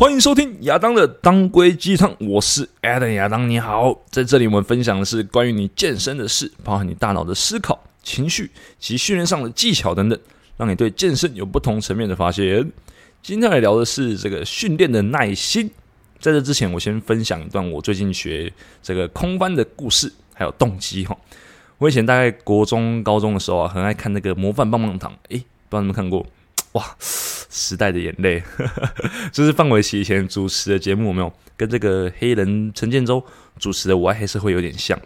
歡迎收聽亞當的當歸雞湯，我是 Adam 亞當，你好，在這裡我們分享的是關於你健身的事，包含你大腦的思考、情緒及訓練上的技巧等等，讓你對健身有不同層面的發現。今天來聊的是這個訓練的耐心。在這之前，我先分享一段我最近學這個空翻的故事，還有動機哈。我以前大概國中、高中的時候啊，很愛看那個模範棒棒堂，誒，不知道你們看過。哇，時代的眼淚，這、就是范瑋琪以前主持的節目，有沒有？跟這個黑人陳建州主持的《我愛黑社會》有點像。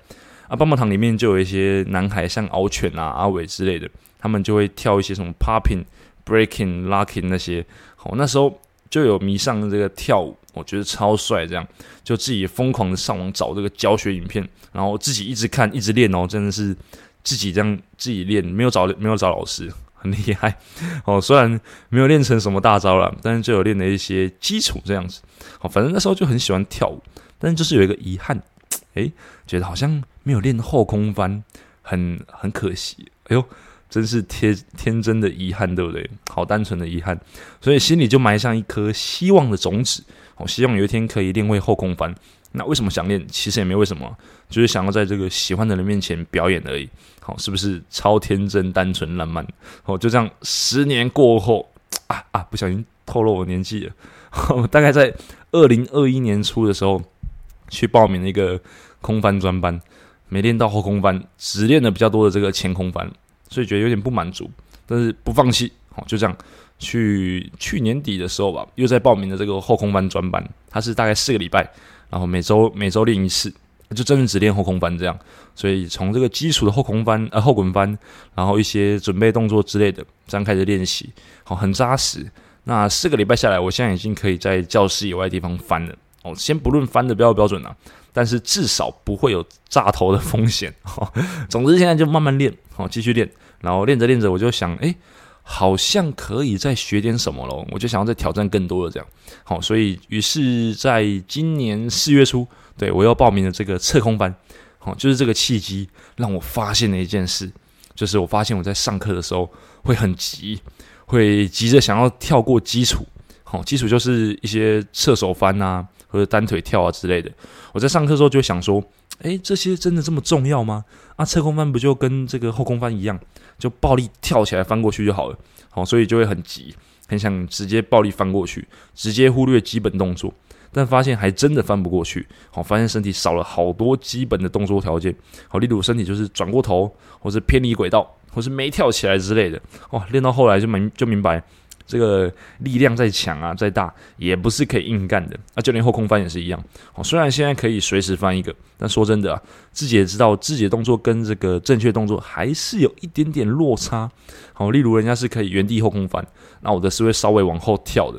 啊，棒棒糖裡面就有一些男孩，像敖犬啊、阿偉之類的，他們就會跳一些什麼 popping、breaking、locking 那些。好，那時候就有迷上這個跳舞，我覺得超帥，這樣就自己瘋狂的上網找這個教學影片，然後自己一直看，一直練哦，真的是自己這樣自己練，沒有找沒有找老師。很厲害哦，雖然沒有練成什麼大招了，但是就有練了一些基礎這樣子。哦，反正那時候就很喜歡跳舞，但是就是有一個遺憾，哎，覺得好像沒有練後空翻，很很可惜。哎呦！真是天天真的遺憾，對不對？好單純的遺憾，所以心裡就埋上一顆希望的種子。我、哦、希望有一天可以練會後空翻。那為什麼想練？其實也沒為什麼、啊，就是想要在這個喜歡的人面前表演而已。好、哦，是不是超天真、單純、浪漫？哦，就這樣，十年過後，啊啊，不小心透露我的年紀了。我、哦、大概在二零二一年初的時候去報名了一個空翻專班，沒練到後空翻，只練了比較多的這個前空翻。所以覺得有點不滿足，但是不放棄，好，就這樣。去去年底的時候吧，又在報名的這個後空翻專班，它是大概四個禮拜，然後每周每周練一次，就真的只練後空翻這樣。所以從這個基礎的後空翻、呃、後滾翻，然後一些準備動作之類的，這樣開始練習，好，很扎實。那四個禮拜下來，我現在已經可以在教室以外的地方翻了。哦，先不論翻的標不標準吶、啊。但是至少不會有炸頭的風險、哦。總之，現在就慢慢練，好、哦，繼續練。然後練着練着，我就想，哎、欸，好像可以再學點什麼了。我就想要再挑戰更多的這樣。好、哦，所以於是在今年四月初，對，我又報名了這個側空翻。好、哦，就是這個契機讓我發現了一件事，就是我發現我在上課的時候會很急，會急着想要跳過基礎。好、哦，基礎就是一些側手翻啊。或者單腿跳啊之類的，我在上課的時候就想說，誒，這些真的這麼重要嗎？啊，側空翻不就跟這個後空翻一樣，就暴力跳起來翻過去就好了，好，所以就會很急，很想直接暴力翻過去，直接忽略基本動作，但發現還真的翻不過去，好，發現身體少了好多基本的動作條件，好，例如身體就是轉過頭，或是偏離軌道，或是沒跳起來之類的，哇、哦，練到後來就明就明白，這個力量再強啊，再大，也不是可以硬幹的。啊，就連後空翻也是一樣。好，雖然現在可以隨時翻一個，但說真的啊，自己也知道自己的動作跟這個正確動作還是有一點點落差。好，例如人家是可以原地後空翻，那我的是會稍微往後跳的，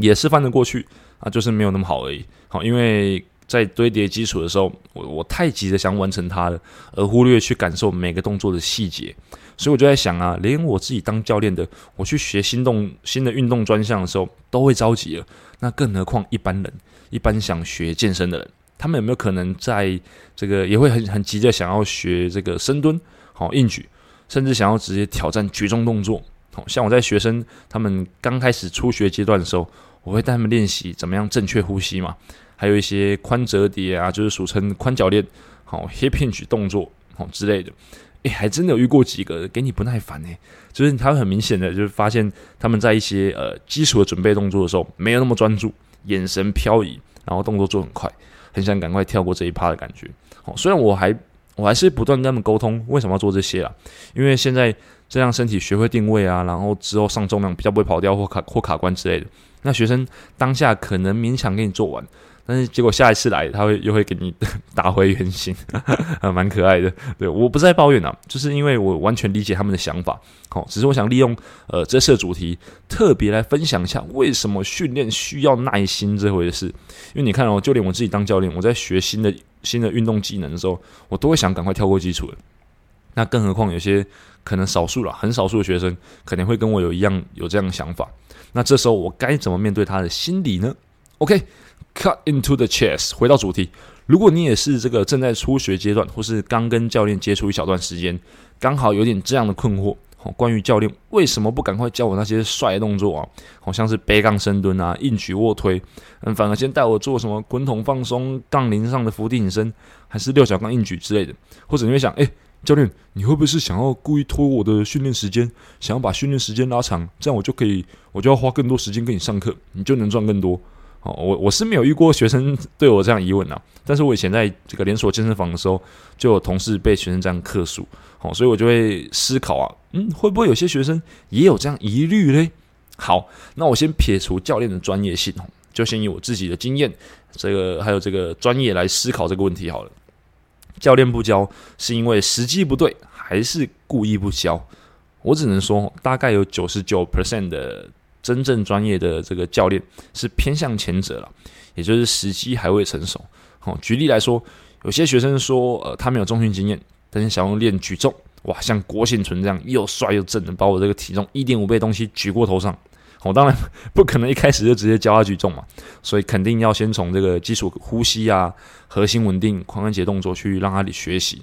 也是翻得過去啊，就是沒有那麼好而已。好，因為。在堆疊基礎的時候，我我太急着想完成它了，而忽略去感受每個動作的細節。所以我就在想啊，連我自己當教練的，我去學新動新的運動專項的時候，都會着急了。那更何況一般人，一般想學健身的人，他們有沒有可能在這個也會很很急着想要學這個深蹲、好硬舉，甚至想要直接挑戰舉重動作？好，像我在學生他們剛開始初學階段的時候，我會帶他們練習怎麼樣正確呼吸嘛。還有一些寬折疊啊，就是俗稱寬腳鏈，好 Hip hinge 動作，好之類的，誒，還真的有遇過幾個給你不耐煩呢、欸，就是他會很明顯的，就是發現他們在一些呃基礎的準備動作的時候沒有那麼專注，眼神飄移，然後動作做很快，很想趕快跳過這一趴的感覺。好，雖然我還我還是不斷跟他們溝通為什麼要做這些啦，因為現在這樣身體學會定位啊，然後之後上重量比較不會跑掉或卡或卡關之類的。那學生當下可能勉強給你做完。但是結果下一次來，他會又會給你 打回原形、 啊，蠻可愛的。對，我不再抱怨了，啊，就是因為我完全理解他們的想法。好，哦，只是我想利用呃這次的主題，特別來分享一下為什麼訓練需要耐心這回事。因為你看哦，就連我自己當教練，我在學新的新的運動技能的時候，我都會想趕快跳過基礎的。那更何況有些可能少數了，很少數的學生可能會跟我有一樣有這樣的想法。那這時候我該怎麼面對他的心理呢？OK。Cut into the chest。回到主題，如果你也是這個正在初學階段，或是剛跟教練接觸一小段時間，剛好有點這樣的困惑，哦、關於教練為什麼不趕快教我那些帥動作啊，好、哦、像是背槓深蹲啊、硬舉臥推，嗯，反而先帶我做什麼滾筒放鬆、槓鈴上的伏地挺身，還是六角槓硬舉之類的？或者你會想，誒，教練，你會不會是想要故意拖我的訓練時間，想要把訓練時間拉長，這樣我就可以，我就要花更多時間跟你上課，你就能賺更多？哦，我我是沒有遇過學生對我這樣疑問吶、啊，但是我以前在這個連鎖健身房的時候，就有同事被學生這樣客訴。哦，所以我就會思考啊，嗯，會不會有些學生也有這樣疑慮嘞？好，那我先撇除教練的專業性，就先以我自己的經驗，這個還有這個專業來思考這個問題好了。教練不教是因為時機不對，還是故意不教？我只能說大概有九十九 percent 的。真正專業的這個教練是偏向前者了，也就是時機還未成熟。哦。舉例來說，有些學生說，呃，他沒有重訓經驗，但是想要練舉重。哇，像郭婞淳這樣又帥又正的，把我這個體重一點五倍東西舉過頭上。我，哦，當然不可能一開始就直接教他舉重嘛，所以肯定要先從這個基礎呼吸啊、核心穩定、髖關節動作去讓他學習。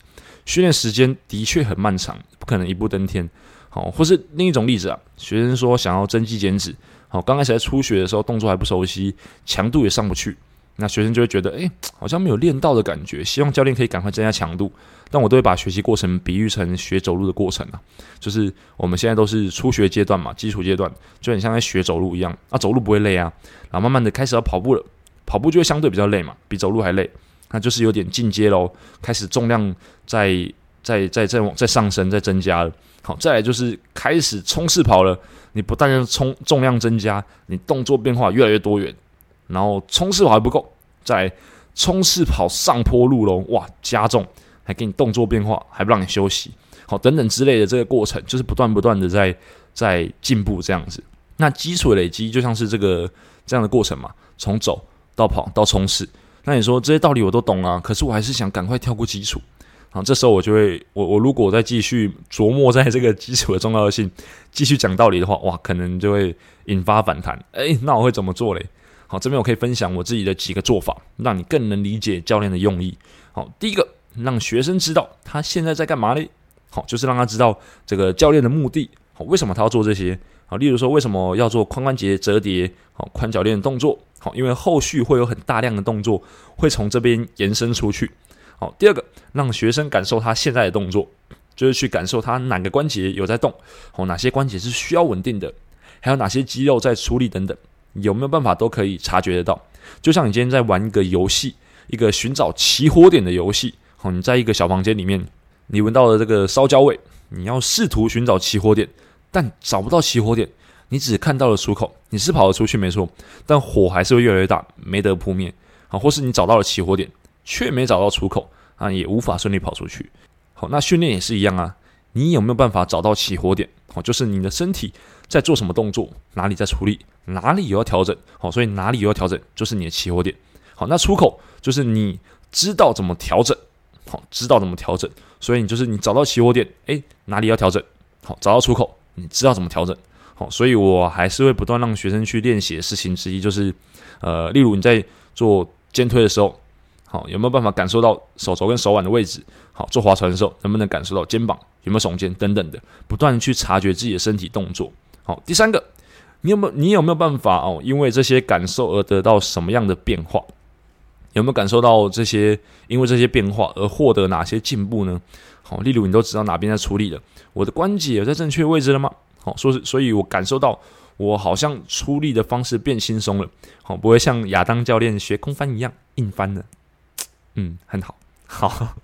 訓練時間的確很漫長，不可能一步登天。好，或是另一種例子啊，學生說想要增肌減脂，好，剛開始在初學的時候動作還不熟悉，強度也上不去，那學生就會覺得，哎、欸，好像沒有練到的感覺，希望教練可以趕快增加強度。但我都會把學習過程比喻成學走路的過程啊，就是我們現在都是初學階段嘛，基礎階段就很像在學走路一樣，那、啊、走路不會累啊，然後慢慢的開始要跑步了，跑步就會相對比較累嘛，比走路還累，那就是有點進階嘍，開始重量在。再再再往再上升，再增加了。好，再來就是開始衝刺跑了。你不但要衝，重量增加，你動作變化越來越多元。然後衝刺跑還不夠，再來衝刺跑上坡路嘍！哇，加重，還給你動作變化，還不讓你休息。好，等等之類的這個過程，就是不斷不斷的在在進步這樣子。那基礎累積就像是這個這樣的過程嘛，從走到跑到衝刺。那你說這些道理我都懂啊，可是我還是想趕快跳過基礎。好，這時候我就會，我我如果再繼續琢磨在這個基礎的重要性，繼續講道理的話，哇，可能就會引發反彈。哎，那我會怎麼做嘞？好，這邊我可以分享我自己的幾個做法，讓你更能理解教練的用意。好，第一個，讓學生知道他現在在幹嘛嘞？好，就是讓他知道這個教練的目的。好，為什麼他要做這些？好，例如說，為什麼要做髖關節折疊？好，髖腳鏈的動作。好，因為後續會有很大量的動作會從這邊延伸出去。好，第二個讓學生感受他現在的動作，就是去感受他哪個關節有在動，哦，哪些關節是需要穩定的，還有哪些肌肉在出力等等，有沒有辦法都可以察覺得到。就像你今天在玩一個遊戲，一個尋找起火點的遊戲，哦，你在一個小房間裡面，你聞到了這個燒焦味，你要試圖尋找起火點，但找不到起火點，你只看到了出口，你是跑得出去沒錯，但火還是會越來越大，沒得撲滅，啊，或是你找到了起火點。卻沒找到出口啊，也無法順利跑出去。好，那訓練也是一樣啊。你有沒有辦法找到起火點？好，就是你的身體在做什麼動作，哪裡在處理，哪裡有要調整。好，所以哪裡有要調整，就是你的起火點。好，那出口就是你知道怎麼調整，好，知道怎麼調整。所以你就是你找到起火點，哎、欸，哪裡要調整？好，找到出口，你知道怎麼調整？好，所以我還是會不斷讓學生去練習的事情之一，就是呃，例如你在做肩推的時候。好，有沒有辦法感受到手肘跟手腕的位置？好，做划船的時候，能不能感受到肩膀有沒有聳肩等等的？不斷去察覺自己的身體動作。好，第三個，你有沒有你有沒有辦法哦？因為這些感受而得到什麼樣的變化？有沒有感受到這些？因為這些變化而獲得哪些進步呢？好，例如你都知道哪邊在出力了？我的關節有在正確位置了嗎？好，所以所以我感受到我好像出力的方式變輕鬆了。好，不會像亞當教練學空翻一樣硬翻了。嗯，很好，好。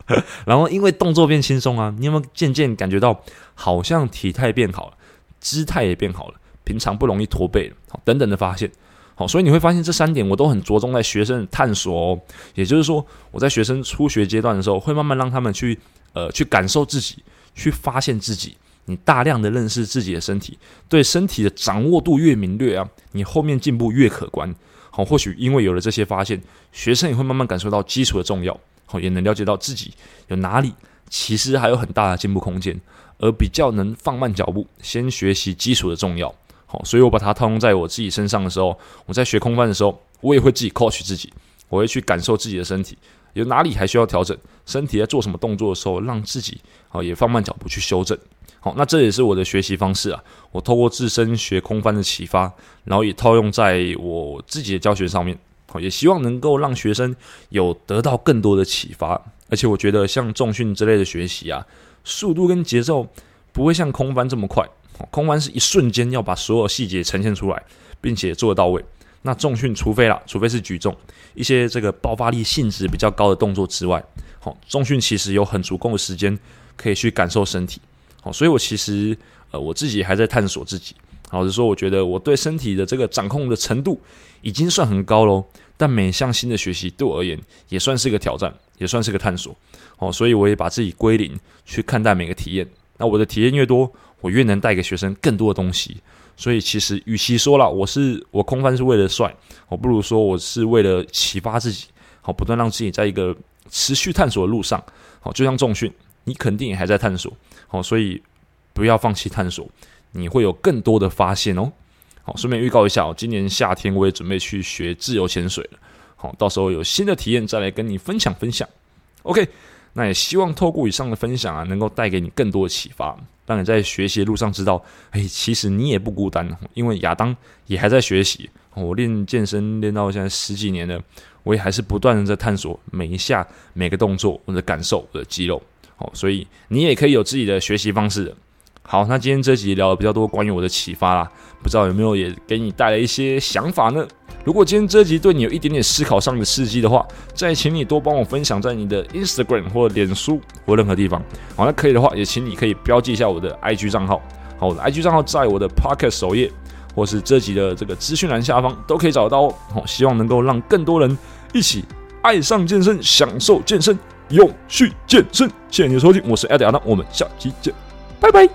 然後因為動作變輕鬆啊，你有沒有漸漸感覺到好像體態變好了，姿態也變好了，平常不容易駝背了，好，等等的發現。好，所以你會發現這三點我都很着重在學生探索哦。也就是說，我在學生初學階段的時候，會慢慢讓他們去呃去感受自己，去發現自己。你大量的認識自己的身體，對身體的掌握度越明瞭啊，你後面進步越可觀。好，或許因為有了這些發現，學生也會慢慢感受到基礎的重要，好，也能了解到自己有哪裡其實還有很大的進步空間，而比較能放慢腳步，先學習基礎的重要。好，所以我把它套用在我自己身上的時候，我在學空翻的時候，我也會自己 coach 自己，我會去感受自己的身體。有哪裡還需要調整？身體在做什麼動作的時候，讓自己啊也放慢腳步去修正。好，那這也是我的學習方式啊。我透過自身學空翻的啟發，然後也套用在我自己的教學上面。好，也希望能夠讓學生有得到更多的啟發。而且我覺得像重訓之類的學習啊，速度跟節奏不會像空翻這麼快。空翻是一瞬間要把所有細節呈現出來，並且做到位。那重訓，除非啦，除非是舉重一些這個爆發力性質比較高的動作之外，哦、重訓其實有很足夠的時間可以去感受身體，哦、所以我其實呃我自己還在探索自己，好，就說我覺得我對身體的這個掌控的程度已經算很高嘍，但每項新的學習對我而言也算是個挑戰，也算是個探索，哦、所以我也把自己歸零去看待每個體驗，那我的體驗越多，我越能帶給學生更多的東西。所以其實，與其說了我是我空翻是為了帥，我不如說我是為了啟發自己，好，不斷讓自己在一個持續探索的路上。好，就像重訓，你肯定也還在探索，好，所以不要放棄探索，你會有更多的發現哦。好，順便預告一下，今年夏天我也準備去學自由潛水了。好，到時候有新的體驗再來跟你分享分享。OK。那也希望透過以上的分享啊，能夠帶給你更多的啟發，讓你在學習路上知道，哎、欸，其實你也不孤單，因為亞當也還在學習。我練健身練到現在十幾年了，我也還是不斷的在探索每一下、每個動作，我的感受、我的肌肉。好，所以你也可以有自己的學習方式的。好，那今天這集聊了比較多關於我的啟發啦，不知道有沒有也給你帶來一些想法呢？如果今天這集對你有一點點思考上的刺激的話，再請你多幫我分享在你的 Instagram 或臉書或任何地方。好，那可以的話，也請你可以標記一下我的 IG 賬號。好，我的 IG 賬號在我的 Podcast 首頁或是這集的這個資訊欄下方都可以找到哦。好，希望能夠讓更多人一起愛上健身、享受健身、永續健身。謝謝你的收聽，我是 Adam 亞當，我們下期見，拜拜。